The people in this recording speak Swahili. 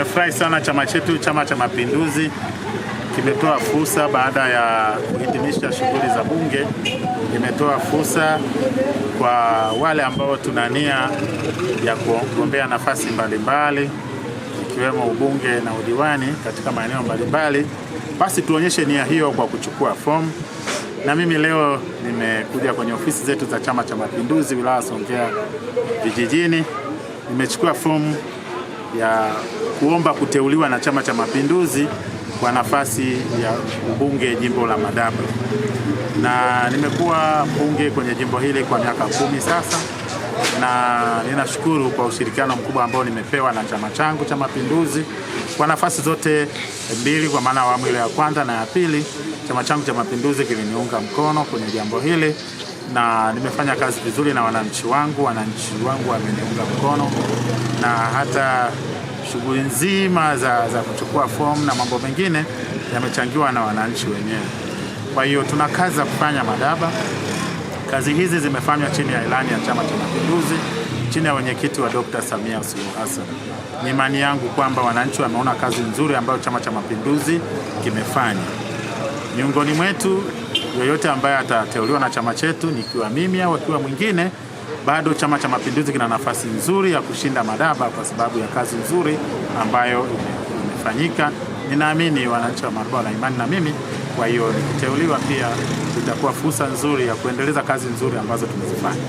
Nimefurahi sana chama chetu, Chama cha Mapinduzi kimetoa fursa baada ya kuhitimisha shughuli za bunge, kimetoa fursa kwa wale ambao tuna nia ya kugombea nafasi mbalimbali ikiwemo ubunge na udiwani katika maeneo mbalimbali, basi tuonyeshe nia hiyo kwa kuchukua fomu. Na mimi leo nimekuja kwenye ofisi zetu za Chama cha Mapinduzi wilaya Songea vijijini, nimechukua fomu ya kuomba kuteuliwa na Chama cha Mapinduzi kwa nafasi ya ubunge jimbo la Madaba, na nimekuwa mbunge kwenye jimbo hili kwa miaka kumi sasa, na ninashukuru kwa ushirikiano mkubwa ambao nimepewa na chama changu cha Mapinduzi kwa nafasi zote mbili, kwa maana awamu ile ya kwanza na ya pili. Chama changu cha Mapinduzi kiliniunga mkono kwenye jambo hili na nimefanya kazi vizuri na wananchi wangu. Wananchi wangu wameniunga mkono na hata shughuli nzima za, za kuchukua fomu na mambo mengine yamechangiwa na wananchi wenyewe. Kwa hiyo tuna kazi za kufanya Madaba. Kazi hizi zimefanywa chini ya ilani ya Chama cha Mapinduzi chini ya wenyekiti wa Dr. Samia Suluhu Hassan. Ni imani yangu kwamba wananchi wameona kazi nzuri ambayo Chama cha Mapinduzi kimefanya miongoni mwetu yoyote ambaye atateuliwa na chama chetu, nikiwa mimi au akiwa mwingine, bado Chama cha Mapinduzi kina nafasi nzuri ya kushinda Madaba kwa sababu ya kazi nzuri ambayo imefanyika. Ninaamini wananchi wa marba wana imani na mimi, kwa hiyo nikiteuliwa pia itakuwa fursa nzuri ya kuendeleza kazi nzuri ambazo tumezifanya.